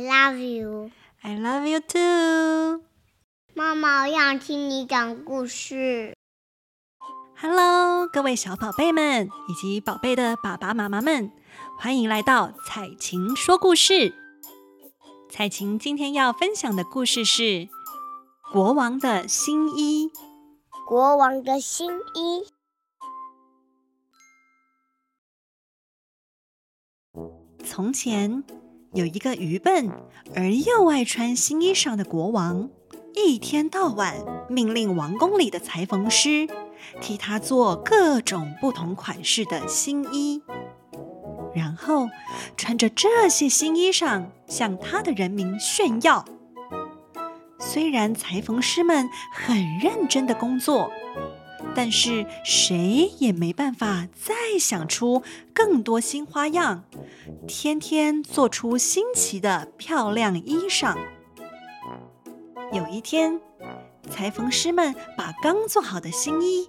I love you. I love you too. 媽媽，我想聽你講故事。Hello，各位小寶貝們以及寶貝的爸爸媽媽們，歡迎來到采晴說故事。采晴今天要分享的故事是《國王的新衣》。國王的新衣。從前。有一個愚笨而又愛穿新衣裳的國王，一天到晚命令王宮裡的裁縫師替他做各種不同款式的新衣，然後穿着這些新衣裳向他的人民炫耀。雖然裁縫師們很認真的工作。但是誰也沒辦法再想出更多新花樣，天天做出新奇的漂亮衣裳。有一天，裁縫師們把剛做好的新衣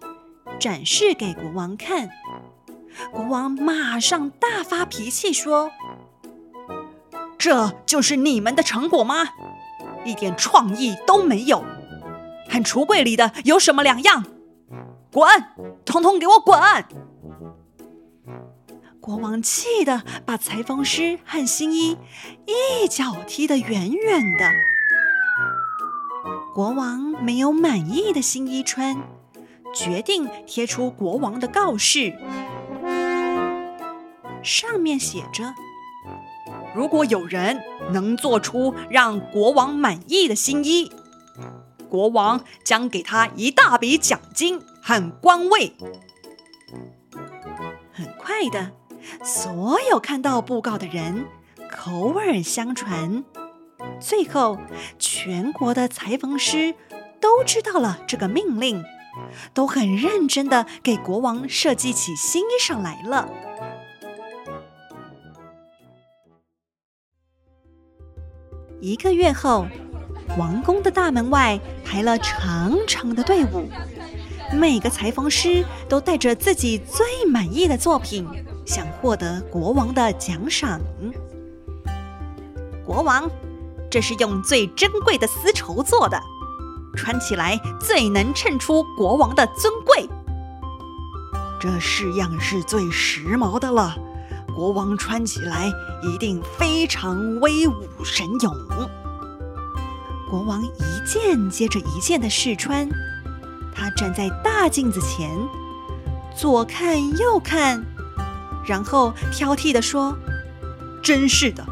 展示給國王看，國王馬上大發脾氣說：“這就是你們的成果嗎？一點創意都沒有，和櫥櫃裡的有什麼兩樣？”滾，通通給我滾！國王氣得把裁縫師和新衣一腳踢得遠遠的。國王沒有滿意的新衣穿，決定貼出國王的告示，上面寫着：“如果有人能做出讓國王滿意的新衣，國王將給他一大筆獎金。”很光畏，很快的，所有看到布告的人口耳相傳，最後全國的裁縫師都知道了這個命令，都很認真的給國王設計起新衣裳來了。一個月後，王宮的大門外排了長長的隊伍。每個裁縫師都帶着自己最滿意的作品，想獲得國王的獎賞。國王，這是用最珍貴的絲綢做的，穿起來最能襯出國王的尊貴。這式樣是最時髦的了，國王穿起來一定非常威武神勇。國王一件接着一件的試穿。他站在大鏡子前，左看右看，然後挑剔地說：“真是的，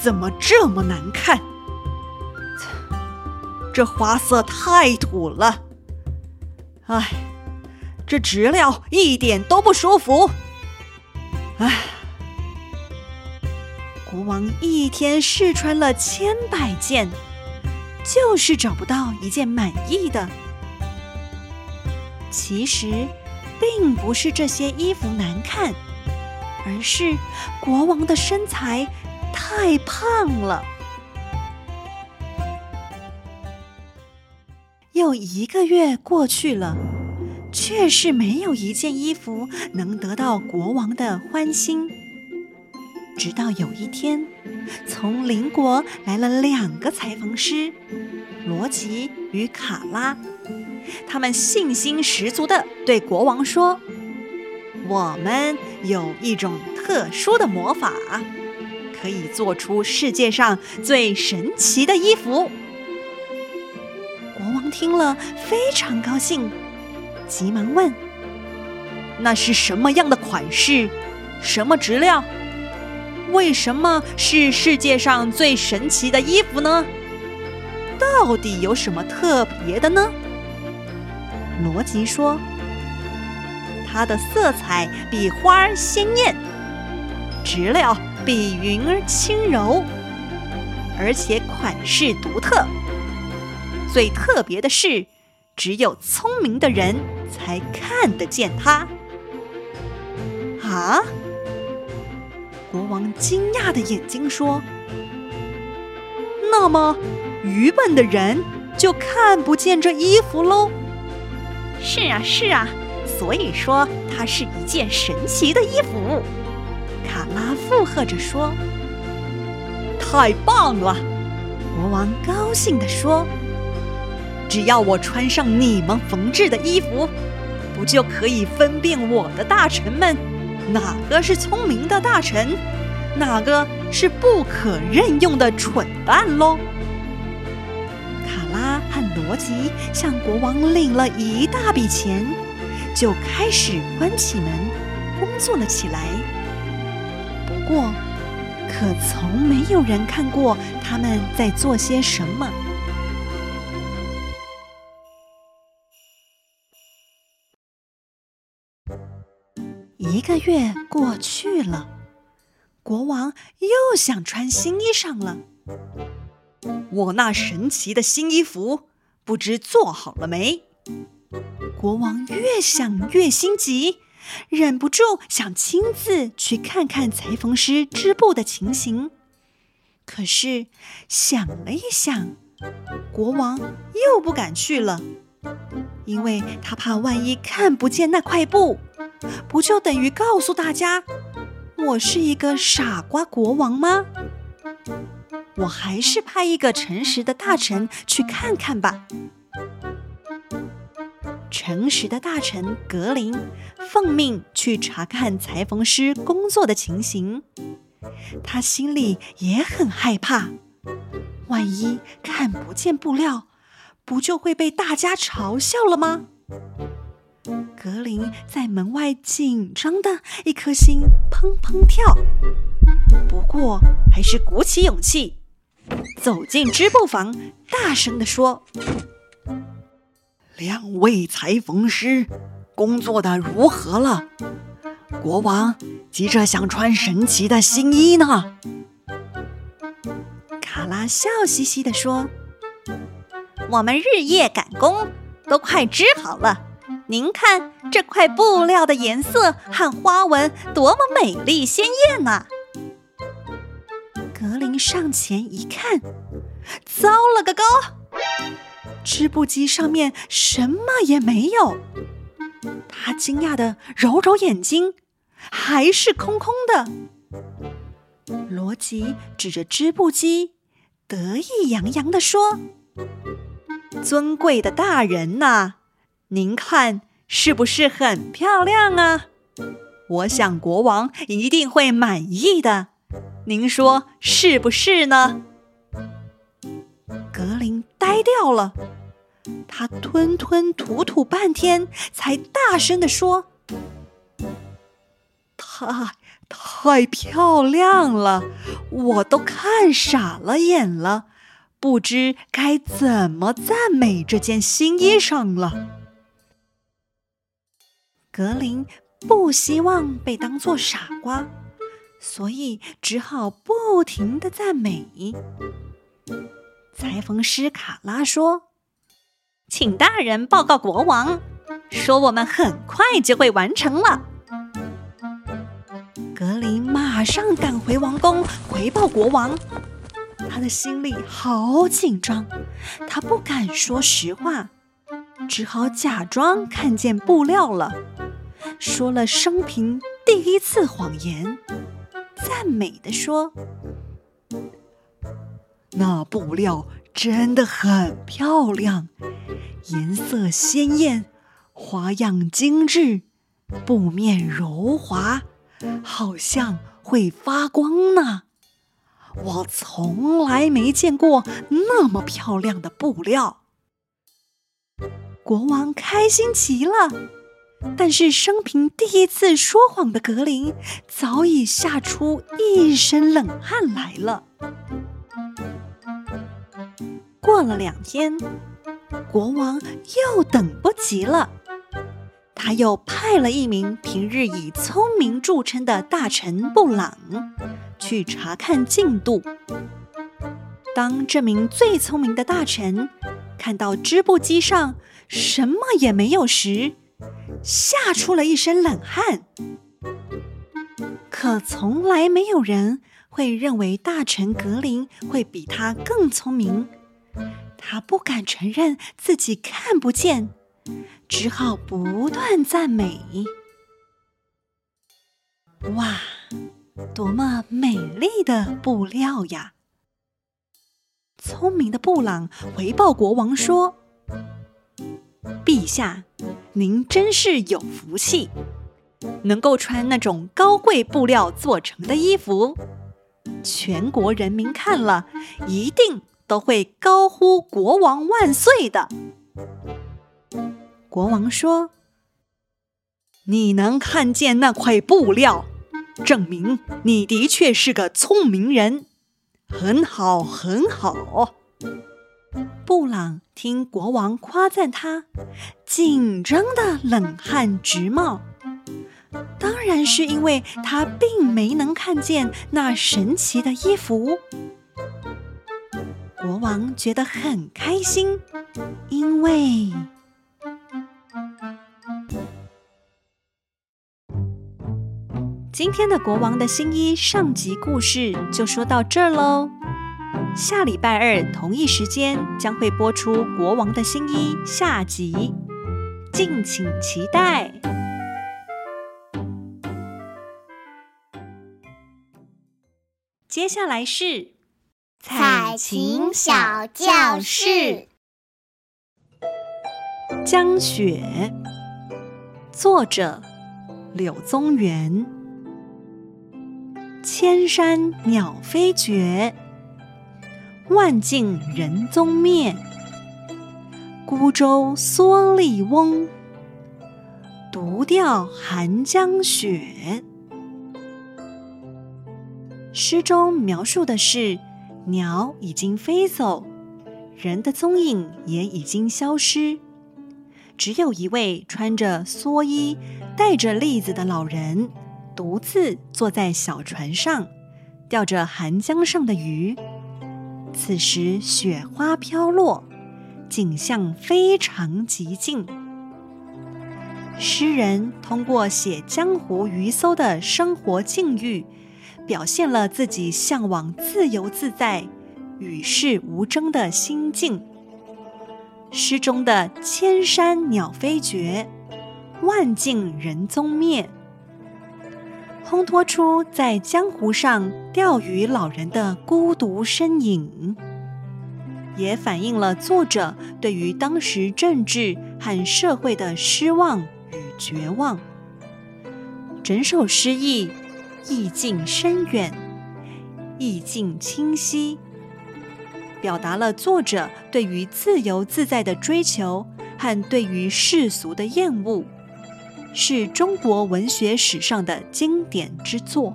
怎麼這麼難看？這花色太土了。哎，這質料一點都不舒服。哎，國王一天試穿了千百件，就是找不到一件滿意的。”其實，並不是這些衣服難看，而是國王的身材太胖了。又一個月過去了，確實沒有一件衣服能得到國王的歡心。直到有一天，從鄰國來了兩個裁縫師，羅吉與卡拉。他們信心十足地對國王說：“我們有一種特殊的魔法，可以做出世界上最神奇的衣服。”國王聽了非常高興，急忙問：“那是什麼樣的款式？什麼質料？為什麼是世界上最神奇的衣服呢？到底有什麼特別的呢？”羅吉說：“它的色彩比花兒鮮豔，質料比雲兒輕柔，而且款式獨特。最特別的是，只有聰明的人才看得見它。”啊！國王驚訝的眼睛說：“那麼，愚笨的人就看不見這衣服嘍？”是啊，是啊，所以說它是一件神奇的衣服。”卡拉附和着說。“太棒了！”國王高興地說，“只要我穿上你們縫制的衣服，不就可以分辨我的大臣們哪個是聰明的大臣，哪個是不可任用的蠢蛋嘍？”漢羅吉向國王領了一大筆錢，就開始關起門工作了起來。不過，可從沒有人看過他們在做些什麼。一個月過去了，國王又想穿新衣裳了。我那神奇的新衣服不知做好了沒？國王越想越心急，忍不住想親自去看看裁縫師織布的情形。可是想了一想，國王又不敢去了，因為他怕萬一看不見那塊布，不就等於告訴大家我是一個傻瓜國王嗎？我還是派一個誠實的大臣去看看吧。誠實的大臣格林奉命去查看裁縫師工作的情形，他心裡也很害怕，萬一看不見布料，不就會被大家嘲笑了嗎？格林在門外緊張的一顆心砰砰跳，不過還是鼓起勇氣。走進織布房，大聲地說：“兩位裁縫師，工作得如何了？國王急着想穿神奇的新衣呢。”卡拉笑嘻嘻地說：“我們日夜趕工，都快織好了。您看這塊布料的顏色和花紋多麼美麗鮮豔呢、啊！”格林上前一看，糟了個勾，個糕，織布機上面什麼也沒有。他驚訝的揉揉眼睛，還是空空的。羅吉指着織布機，得意洋洋地說：“尊貴的大人吶、啊，您看是不是很漂亮啊？我想國王一定會滿意的。”您說是不是呢？格林呆掉了，他吞吞吐吐半天，才大聲地說：“她太，太漂亮了，我都看傻了眼了，不知該怎麼讚美這件新衣裳了。”格林不希望被當做傻瓜。所以只好不停地贊美。裁縫師卡拉說：“請大人報告國王，說我們很快就會完成了。”格林馬上趕回王宮回報國王，他的心裡好緊張，他不敢說實話，只好假裝看見布料了，說了生平第一次謊言。讚美的說：“那布料真的很漂亮，顏色鮮豔，花樣精緻，布面柔滑，好像會發光呢。我從來沒見過那麼漂亮的布料。”國王開心極了。但是，生平第一次說謊的格林早已嚇出一身冷汗來了。過了兩天，國王又等不及了，他又派了一名平日以聰明著稱的大臣布朗去查看進度。當這名最聰明的大臣看到織布機上什麼也沒有時，嚇出了一身冷汗，可從來沒有人會認為大臣格林會比他更聰明。他不敢承認自己看不見，只好不斷讚美。哇，多麼美麗的布料呀！聰明的布朗回報國王說。陛下，您真是有福氣，能夠穿那種高貴布料做成的衣服，全國人民看了一定都會高呼“國王萬歲”的。國王說：“你能看見那塊布料，證明你的確是個聰明人，很好，很好。”布朗聽國王誇讚他，緊張得冷汗直冒，當然是因為他並沒能看見那神奇的衣服。國王覺得很開心，因為今天的《國王的新衣》上集故事就說到這兒嘍。下禮拜二同一時間將會播出《國王的新衣》下集，敬請期待。接下來是采晴小教室，教室《江雪》作者柳宗元，千山鳥飛絕。萬徑人蹤滅，孤舟蓑笠翁，獨釣寒江雪。詩中描述的是鳥已經飛走，人的蹤影也已經消失，只有一位穿着蓑衣、戴着笠子的老人，獨自坐在小船上，釣着寒江上的魚。此時雪花飄落，景象非常極靜。詩人通過寫江湖漁叟的生活境遇，表現了自己向往自由自在、與世無爭的心境。詩中的“千山鳥飛絕，萬徑人蹤滅”。烘托出在江湖上釣魚老人的孤獨身影，也反映了作者對於當時政治和社會的失望與絕望。整首詩意，意境深遠，意境清晰，表達了作者對於自由自在的追求和對於世俗的厭惡。是中國文學史上的經典之作。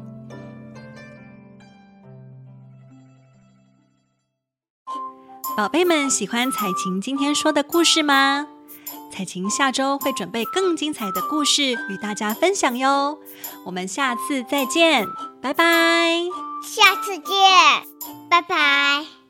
寶貝們，喜歡采晴今天說的故事嗎？采晴下週會準備更精彩的故事與大家分享喲。我們下次再見，拜拜！下次見，拜拜。